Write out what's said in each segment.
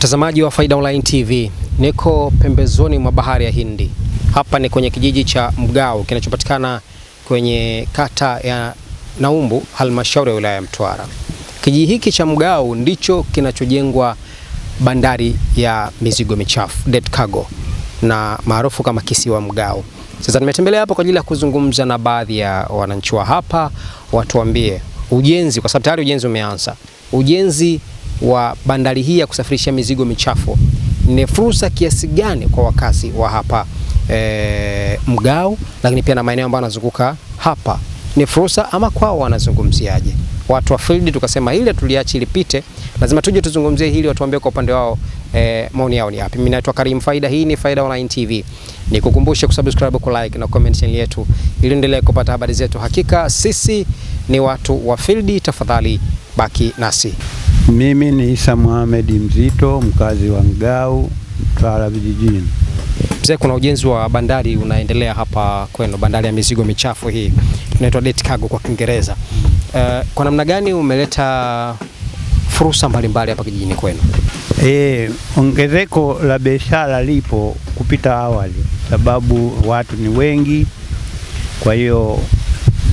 Mtazamaji wa Faida Online TV, niko pembezoni mwa bahari ya Hindi. Hapa ni kwenye kijiji cha Mgao kinachopatikana kwenye kata ya Naumbu, halmashauri ya wilaya ya Mtwara. Kijiji hiki cha Mgao ndicho kinachojengwa bandari ya mizigo michafu dead cargo na maarufu kama kisiwa Mgao. Sasa nimetembelea hapa kwa ajili ya kuzungumza na baadhi ya wananchi wa hapa, watuambie ujenzi, kwa sababu tayari ujenzi umeanza. Ujenzi wa bandari hii ya kusafirisha mizigo michafu ni fursa kiasi gani kwa wakazi wa hapa e, Mgao, lakini pia na maeneo ambayo yanazunguka hapa, ni fursa ama kwao wanazungumziaje? Watu wa field tukasema ile tuliachi ilipite, lazima tuje tuzungumzie hili, watuambie kwa upande wao e, maoni yao ni yapi. Mimi naitwa Karim Faida, hii ni Faida Online TV. Nikukumbushe kusubscribe, ku like na comment channel yetu ili endelee kupata habari zetu. Hakika sisi ni watu wa field, tafadhali baki nasi. Mimi ni Isa Mohamed Mzito, mkazi wa Ngau, Mtwara vijijini. Mzee, kuna ujenzi wa bandari unaendelea hapa kwenu, bandari ya mizigo michafu hii inaitwa dead cargo kwa Kiingereza. Uh, kwa namna gani umeleta fursa mbalimbali hapa kijijini kwenu? E, ongezeko la biashara lipo kupita awali, sababu watu ni wengi, kwa hiyo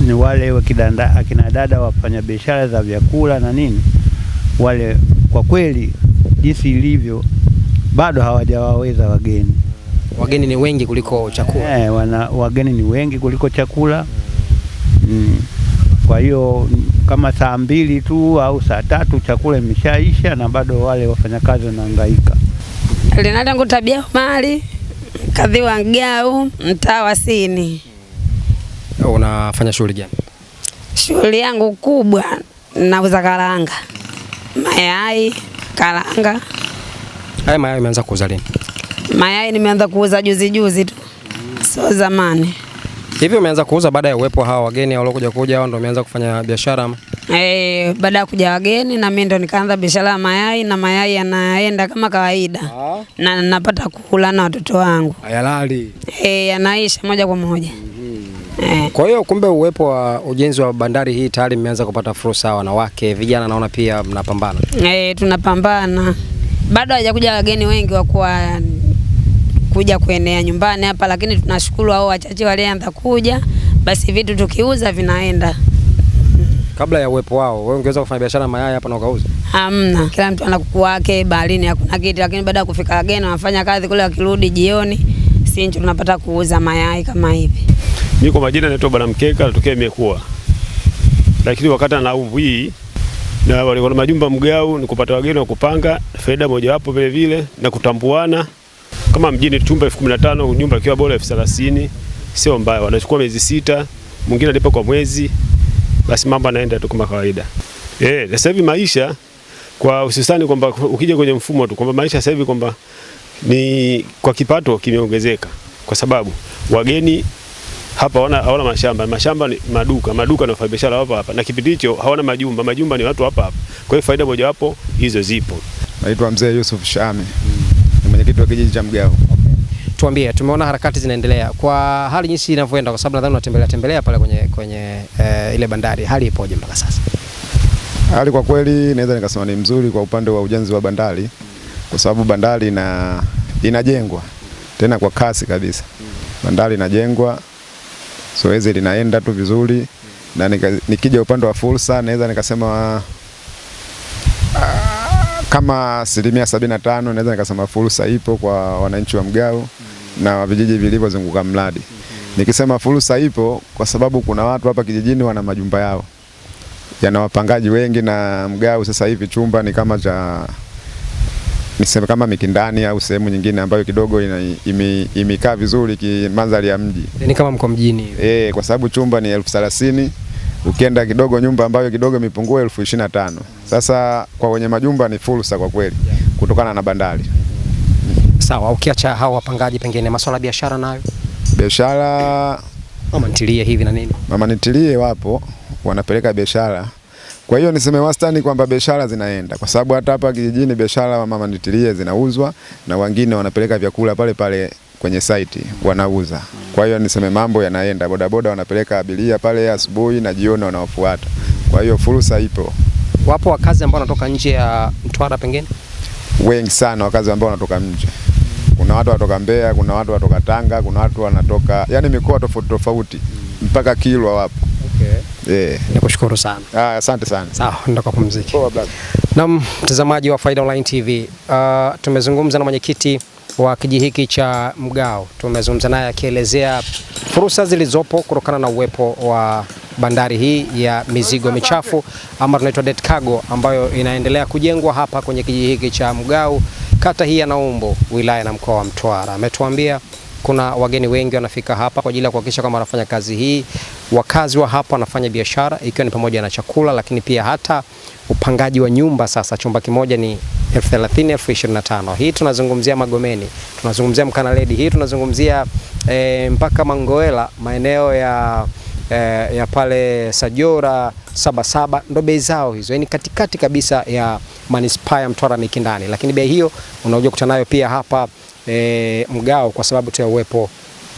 ni wale akina dada wafanya biashara za vyakula na nini wale kwa kweli jinsi ilivyo bado hawajawaweza wageni. Wageni ni wengi kuliko chakula eh, wana, wageni ni wengi kuliko chakula mm. Kwa hiyo kama saa mbili tu au saa tatu chakula imeshaisha na bado wale wafanyakazi wanahangaika. Linalangu Tabia mali kadhi wa Ngau, mtaa wa Sini. Unafanya shughuli gani? Shughuli yangu kubwa nauza karanga mayai, karanga. Haya mayai umeanza kuuza lini? Mayai nimeanza kuuza juzi juzi tu, sio zamani. Hivi umeanza kuuza baada ya uwepo hawa wageni waliokuja kuja hao ndio umeanza kufanya biashara? Eh, baada ya kuja wageni na mimi ndo nikaanza biashara ya mayai na mayai yanaenda kama kawaida. Aa. Ah. Na napata kukula na watoto wangu. Hayalali. Eh, yanaisha moja kwa moja. Mm. Eh. Kwa hiyo kumbe uwepo wa ujenzi wa bandari hii tayari mmeanza kupata fursa, wanawake, vijana, naona pia mnapambana. Eh, tunapambana. Bado hajakuja wageni wengi wa kuwa kuja kuenea nyumbani hapa, lakini tunashukuru hao wachache walianza kuja, basi vitu tukiuza vinaenda. Kabla ya uwepo wao, wewe ungeweza kufanya biashara mayai hapa na ukauza? Hamna, kila mtu ana kuku wake, baharini hakuna kitu, lakini baada ya kufika wageni wanafanya kazi kule, wakirudi jioni Finji tunapata kuuza mayai kama hivi. Mimi kwa majina naitwa Bwana Mkeka, natokea Imekuwa, lakini wakati na uvu hii na walikuwa na majumba mgao, ni kupata wageni wa kupanga, faida moja wapo vile vile na kutambuana. Kama mjini chumba elfu kumi na tano nyumba ikiwa bora elfu thelathini sio mbaya, wanachukua miezi sita, mwingine alipa kwa mwezi, basi mambo yanaenda tu kama kawaida. Eh, sasa hivi maisha kwa hususani kwamba ukija kwenye mfumo tu kwamba maisha sasa hivi kwamba ni kwa kipato kimeongezeka, kwa sababu wageni hapa hawana, hawana mashamba mashamba ni maduka maduka na wafanyabiashara hapa hapa, na kipindi hicho hawana majumba majumba ni watu hapa hapa. Kwa hiyo faida mojawapo hizo zipo. Naitwa Mzee Yusuf Shami, hmm. ni mwenyekiti wa kijiji cha Mgao. Tuambie, tumeona harakati zinaendelea kwa hali jinsi inavyoenda, kwa sababu nadhani unatembelea tembelea pale kwenye, kwenye e, ile bandari, hali ipoje mpaka sasa? Hali kwa kweli naweza nikasema ni mzuri kwa upande wa ujenzi wa bandari kwa sababu bandari ina, inajengwa tena kwa kasi kabisa. Bandari inajengwa, zoezi linaenda tu vizuri, na nikija upande wa fursa naweza nikasema ah, kama asilimia sabini na tano naweza nikasema fursa ipo kwa wananchi wa Mgau na vijiji vilivyozunguka mradi. Nikisema fursa ipo kwa sababu kuna watu hapa kijijini wana majumba yao yana wapangaji wengi, na mgao sasa hivi chumba ni kama cha ja niseme kama Mikindani au sehemu nyingine ambayo kidogo imekaa vizuri kimandhari ya mji, ni kama mko mjini Eh, kwa sababu chumba ni elfu thelathini ukienda kidogo nyumba ambayo kidogo imepungua elfu ishirini na tano Sasa kwa wenye majumba ni fursa kwa kweli, kutokana na bandari. Sawa, ukiacha hao wapangaji, pengine masuala ya biashara nayo biashara, mama nitilie hivi na nini, mama nitilie wapo wanapeleka biashara kwa hiyo niseme wastani kwamba biashara zinaenda, kwa sababu hata hapa kijijini biashara mama nitilie zinauzwa na wengine wanapeleka vyakula pale pale kwenye saiti wanauza. Kwa hiyo niseme mambo yanaenda, bodaboda wanapeleka abiria pale asubuhi na jioni wanaofuata. Kwa hiyo fursa ipo. Wapo wakazi ambao wanatoka nje ya Mtwara, pengine wengi sana wakazi ambao wanatoka nje kuna watu wanatoka Mbeya, kuna watu wanatoka Tanga, kuna watu wanatoka yani mikoa tofauti tofauti, mpaka Kilwa wapo. Okay. Yeah. Nikushukuru sana. Ah, asante sana. Sawa, nenda pumziki. Poa Na mtazamaji wa Faida Online TV, uh, ah, tumezungumza na mwenyekiti wa kiji hiki cha Mgao. Tumezungumza naye akielezea fursa zilizopo kutokana na uwepo wa bandari hii ya mizigo michafu ama tunaitwa dead cargo ambayo inaendelea kujengwa hapa kwenye kijiji hiki cha Mgao, kata hii ya Naumbo, wilaya na mkoa wa Mtwara. Ametuambia kuna wageni wengi wanafika hapa kwa ajili ya kuhakikisha kwamba wanafanya kazi hii wakazi wa hapa wanafanya biashara ikiwa ni pamoja na chakula, lakini pia hata upangaji wa nyumba. Sasa chumba kimoja ni elfu thelathini, elfu ishirini na tano. Hii tunazungumzia Magomeni, tunazungumzia Mkanaledi, hii tunazungumzia e, mpaka mangoela maeneo ya E, ya pale Sajora Sabasaba ndo bei zao hizo, yani katikati kabisa ya manispaa ya Mtwara Mikindani, lakini bei hiyo unaojua kutana nayo pia hapa e, Mgao kwa sababu tu ya uwepo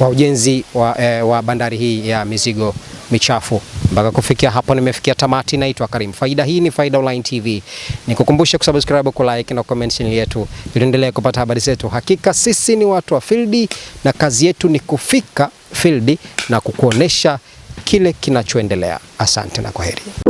wa ujenzi wa, eh, wa bandari hii ya mizigo michafu. Mpaka kufikia hapo nimefikia tamati. Naitwa Karim Faida, hii ni Faida Online TV. Nikukumbushe kusubscribe, ku like na comment chini yetu tuendelee kupata habari zetu. Hakika sisi ni watu wa field na kazi yetu ni kufika field na kukuonesha kile kinachoendelea. Asante na kwaheri.